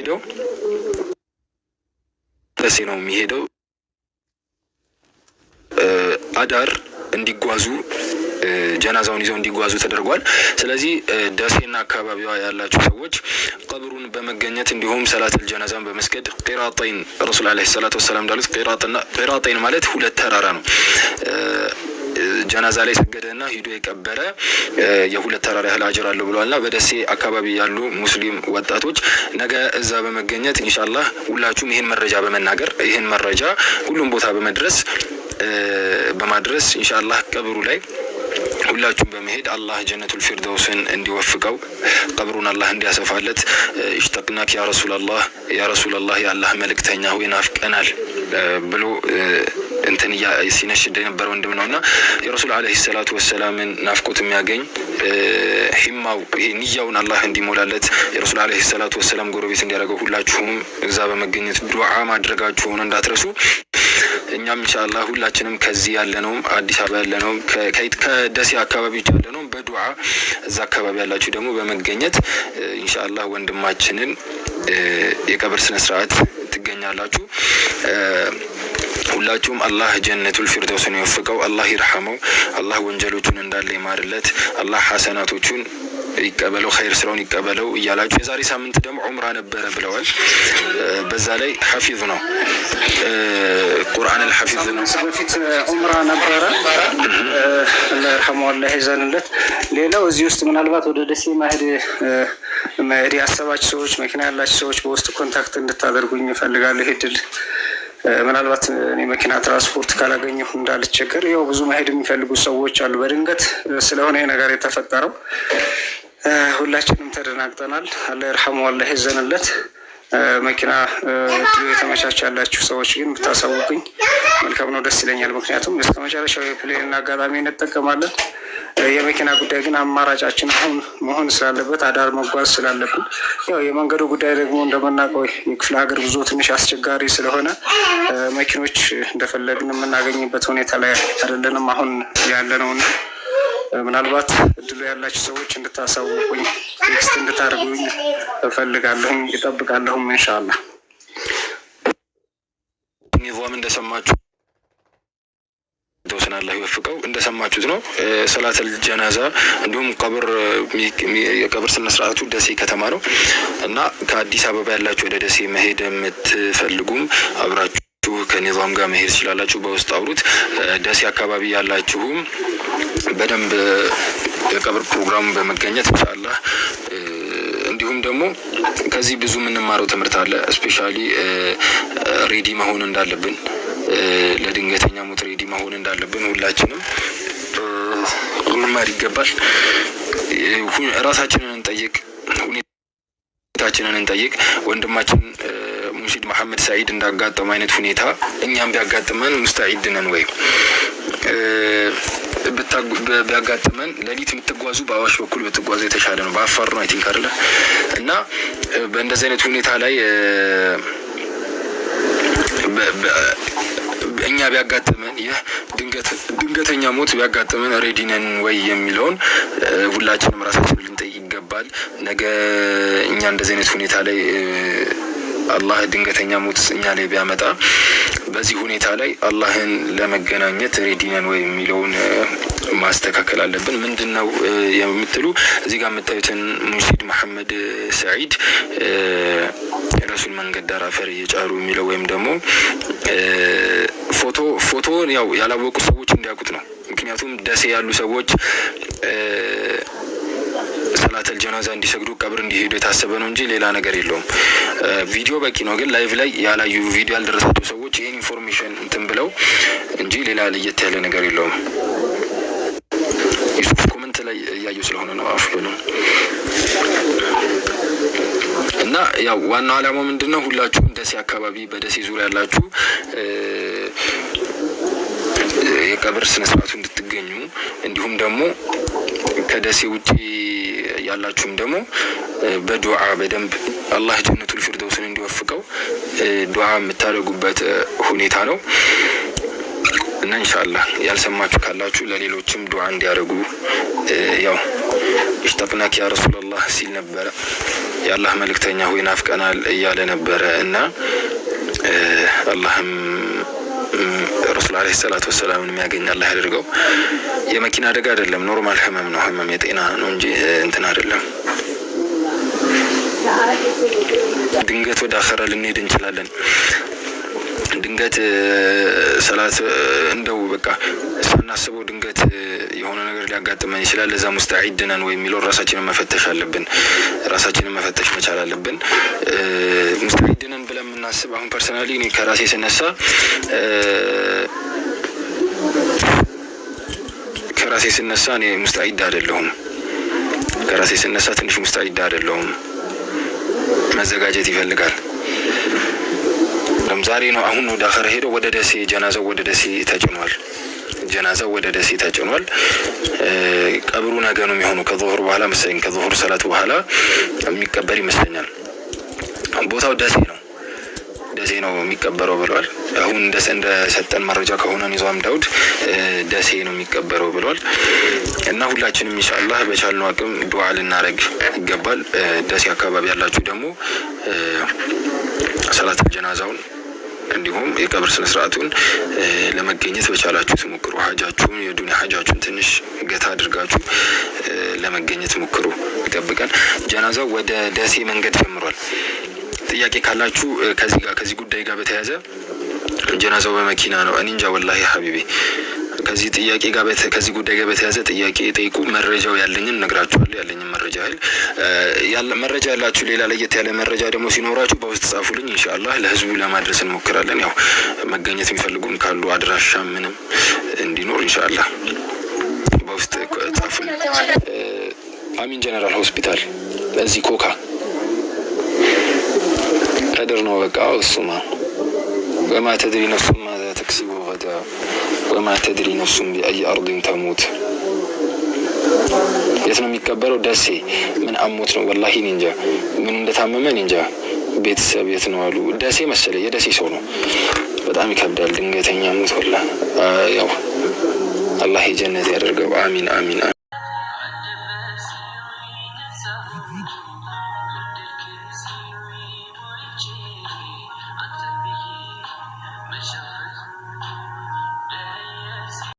ሄደው ደሴ ነው የሚሄደው። አዳር እንዲጓዙ ጀናዛውን ይዘው እንዲጓዙ ተደርጓል። ስለዚህ ደሴና አካባቢዋ ያላቸው ሰዎች ቀብሩን በመገኘት እንዲሁም ሰላትል ጀናዛን በመስገድ ቂራጠይን ረሱል አለይሂ ሰላት ወሰላም እንዳሉት ቂራጠይን ማለት ሁለት ተራራ ነው። ጀናዛ ላይ ና ሂዶ የቀበረ የሁለት ተራራ ያህል አጅር አለው ና በደሴ አካባቢ ያሉ ሙስሊም ወጣቶች ነገ እዛ በመገኘት ኢንሻላህ ሁላችሁም ይህን መረጃ በመናገር ይህን መረጃ ሁሉም ቦታ በመድረስ በማድረስ ኢንሻላህ ቀብሩ ላይ ሁላችሁም በመሄድ አላህ ጀነቱል ፊርደውስን እንዲወፍቀው ቀብሩን አላህ እንዲያሰፋለት። እሽተቅናክ ያ ረሱላላህ ያ ረሱላላህ የአላህ መልእክተኛ ሆይ ናፍቀናል ብሎ እንትን ሲነሽድ የነበረ ወንድም ነው እና የረሱል አለህ ሰላቱ ወሰላምን ናፍቆት የሚያገኝ ሂማው ንያውን አላህ እንዲሞላለት የረሱል ዓለይሂ ሰላቱ ወሰላም ጎረቤት እንዲያደርገው ሁላችሁም እዛ በመገኘት ዱዓ ማድረጋችሁን እንዳትረሱ። እኛም እንሻላ ሁላችንም ከዚህ ያለነውም አዲስ አበባ ያለነውም ከደሴ አካባቢዎች ያለነውም በዱዓ እዛ አካባቢ ያላችሁ ደግሞ በመገኘት እንሻላ ወንድማችንን የቀብር ስነስርዓት ትገኛላችሁ። ሁላችሁም አላህ ጀነቱል ፊርደውስን ይወፍቀው፣ አላህ ይርሐመው፣ አላህ ወንጀሎቹን እንዳለ ይማርለት፣ አላህ ሐሰናቶቹን ይቀበለው ኸይር ስራውን ይቀበለው እያላችሁ የዛሬ ሳምንት ደግሞ ዑምራ ነበረ ብለዋል። በዛ ላይ ሐፊዝ ነው ቁርአን አልሐፊዝ ነው። በፊት ዑምራ ነበረ ረሐመላ ይዘንለት። ሌላው እዚህ ውስጥ ምናልባት ወደ ደሴ ማሄድ መሄድ ያሰባችሁ ሰዎች፣ መኪና ያላችሁ ሰዎች በውስጥ ኮንታክት እንድታደርጉኝ እፈልጋለሁ ይሄ ምናልባት እኔ መኪና ትራንስፖርት ካላገኘሁ እንዳልቸገር ያው ብዙ መሄድ የሚፈልጉ ሰዎች አሉ። በድንገት ስለሆነ ነገር የተፈጠረው ሁላችንም ተደናግጠናል። አላ ይርሐሙ አላ ይዘንለት። መኪና እድሉ የተመቻቸ ያላችሁ ሰዎች ግን ብታሳውቅኝ መልካም ነው፣ ደስ ይለኛል። ምክንያቱም እስከ መጨረሻው የፕሌን አጋጣሚ እንጠቀማለን። የመኪና ጉዳይ ግን አማራጫችን አሁን መሆን ስላለበት አዳር መጓዝ ስላለብን፣ ያው የመንገዱ ጉዳይ ደግሞ እንደምናውቀው የክፍለ ሀገር ብዙ ትንሽ አስቸጋሪ ስለሆነ መኪኖች እንደፈለግን የምናገኝበት ሁኔታ ላይ አይደለንም አሁን ያለ ነው ምናልባት እድሉ ያላቸው ሰዎች እንድታሳውቁኝ ቴክስት እንድታደርጉኝ እፈልጋለሁኝ ይጠብቃለሁም። እንሻላ ኒቮም እንደሰማችሁ ተወሰን አላህ ይወፍቀው። እንደሰማችሁት ነው ሰላተል ጀናዛ እንዲሁም ቀብር የቀብር ስነስርዓቱ ደሴ ከተማ ነው እና ከአዲስ አበባ ያላችሁ ወደ ደሴ መሄድ የምትፈልጉም አብራችሁ ከኒዛም ጋር መሄድ ትችላላችሁ። በውስጥ አውሩት። ደሴ አካባቢ ያላችሁም በደንብ የቀብር ፕሮግራሙ በመገኘት ሻላ እንዲሁም ደግሞ ከዚህ ብዙ የምንማረው ትምህርት አለ። ስፔሻሊ ሬዲ መሆን እንዳለብን ለድንገተኛ መሆን እንዳለብን ሁላችንም ልንማር ይገባል። ራሳችንን እንጠይቅ፣ ሁኔታችንን እንጠይቅ። ወንድማችን ሙንሽድ መሐመድ ሰዒድ እንዳጋጠመ አይነት ሁኔታ እኛም ቢያጋጥመን ሙስተዒድ ነን ወይም ቢያጋጥመን ሌሊት የምትጓዙ በአዋሽ በኩል ብትጓዙ የተሻለ ነው። በአፋር ነው አይቲንክ አለ እና በእንደዚህ አይነት ሁኔታ ላይ ቢያጋጥመን ድንገተኛ ሞት ቢያጋጥመን ሬዲነን ወይ የሚለውን ሁላችንም ራሳችን ልንጠይቅ ይገባል። ነገ እኛ እንደዚህ አይነት ሁኔታ ላይ አላህ ድንገተኛ ሞት እኛ ላይ ቢያመጣ በዚህ ሁኔታ ላይ አላህን ለመገናኘት ሬዲነን ወይ የሚለውን ማስተካከል አለብን። ምንድን ነው የምትሉ እዚህ ጋር የምታዩትን ሙንሺድ መሐመድ ሰዒድ የረሱል መንገድ ዳር አፈር እየጫሩ የሚለው ወይም ደግሞ ፎቶ ፎቶን ያው ያላወቁ ሰዎች እንዲያውቁት ነው። ምክንያቱም ደሴ ያሉ ሰዎች ሰላተል ጀናዛ እንዲሰግዱ ቀብር እንዲሄዱ የታሰበ ነው እንጂ ሌላ ነገር የለውም። ቪዲዮ በቂ ነው። ግን ላይቭ ላይ ያላዩ ቪዲዮ ያልደረሳቸው ሰዎች ይህን ኢንፎርሜሽን እንትን ብለው እንጂ ሌላ ለየት ያለ ነገር የለውም። ዩሱፍ ኮመንት ላይ እያዩ ስለሆነ ነው አፍሎ ነው እና ያው ዋናው አላማው ምንድን ነው? ሁላችሁም ደሴ አካባቢ በደሴ ዙሪያ ያላችሁ የቀብር ስነስርዓቱ እንድትገኙ እንዲሁም ደግሞ ከደሴ ውጭ ያላችሁም ደግሞ በዱዓ በደንብ አላህ ጀነቱል ፊርደውስን እንዲወፍቀው ዱዓ የምታደርጉበት ሁኔታ ነው እና ኢንሻአላህ ያልሰማችሁ ካላችሁ ለሌሎችም ዱዓ እንዲያደርጉ ያው እሽጠቅናክ ያ ረሱላላህ ሲል ነበረ። የአላህ መልእክተኛ ሆይ ናፍቀናል እያለ ነበረ እና አላህም ረሱል አለይሂ ሰላቱ ወሰላምን የሚያገኝ አላህ ያደርገው። የመኪና አደጋ አይደለም፣ ኖርማል ህመም ነው። ህመም የጤና ነው እንጂ እንትን አይደለም። ድንገት ወደ አኸራ ልንሄድ እንችላለን። ድንገት ሰላት እንደው በቃ ሳናስበው ድንገት የሆነ ነገር ሊያጋጥመን ይችላል። ለዛ ውስጥ አይድነን ወይ የሚለው ራሳችንን መፈተሽ አለብን። ራሳችንን መፈተሽ መቻል አለብን። ውስጥ አይድነን ብለን የምናስብ አሁን ፐርሰናሊ እኔ ከራሴ ስነሳ ከራሴ ስነሳ እኔ ሙስተዒድ አይደለሁም። ከራሴ ስነሳ ትንሽ ሙስተዒድ አይደለሁም። መዘጋጀት ይፈልጋል። አይደለም ዛሬ ነው። አሁን ወደ አኸር ሄዶ ወደ ደሴ ጀናዛው ወደ ደሴ ተጭኗል። ጀናዛው ወደ ደሴ ተጭኗል። ቀብሩ ነገ ነው የሚሆኑ ከዙሁር በኋላ መሰለኝ፣ ከዙሁር ሰላት በኋላ የሚቀበር ይመስለኛል። ቦታው ደሴ ነው፣ ደሴ ነው የሚቀበረው ብሏል። አሁን እንደሰጠን መረጃ ከሆነ ኒዛም ዳውድ ደሴ ነው የሚቀበረው ብሏል። እና ሁላችንም ኢንሻአላህ በቻልነው አቅም ዱዓ ልናደርግ ይገባል። ደሴ አካባቢ ያላችሁ ደግሞ ሰላት ጀናዛውን እንዲሁም የቀብር ስነስርዓቱን ለመገኘት በቻላችሁ ትሞክሩ። ሀጃችሁን የዱኒያ ሀጃችሁን ትንሽ ገታ አድርጋችሁ ለመገኘት ሞክሩ። ይጠብቀን። ጀናዛው ወደ ደሴ መንገድ ጀምሯል። ጥያቄ ካላችሁ ከዚህ ጋር ከዚህ ጉዳይ ጋር በተያያዘ ጀናዛው በመኪና ነው። እኔ እንጃ ወላሂ ሀቢቤ ከዚህ ጥያቄ ጋር ከዚህ ጉዳይ ጋር በተያዘ ጥያቄ ጠይቁ። መረጃው ያለኝን ነግራችኋል። ያለኝን መረጃ ኃይል መረጃ ያላችሁ ሌላ ለየት ያለ መረጃ ደግሞ ሲኖራችሁ በውስጥ ጻፉልኝ። ኢንሻአላህ ለህዝቡ ለማድረስ እንሞክራለን። ያው መገኘት የሚፈልጉም ካሉ አድራሻ ምንም እንዲኖር ኢንሻአላህ በውስጥ ጻፉ። አሚን ጀነራል ሆስፒታል እዚህ ኮካ ቀድር ነው በቃ እሱማ በማተድሪ ነሱማ ወማ ተድሪ ነፍሱም ቢአይ አርድን ተሙት። የት ነው የሚቀበረው? ደሴ። ምን አሞት ነው? ወላሂ እኔ እንጃ፣ ምኑ እንደታመመ እኔ እንጃ። ቤተሰብ የት ነው አሉ። ደሴ መሰለ፣ የደሴ ሰው ነው። በጣም ይከብዳል ድንገተኛ ሞት። ወላ ያው አላህ የጀነት ያደርገው። አሚን አሚን።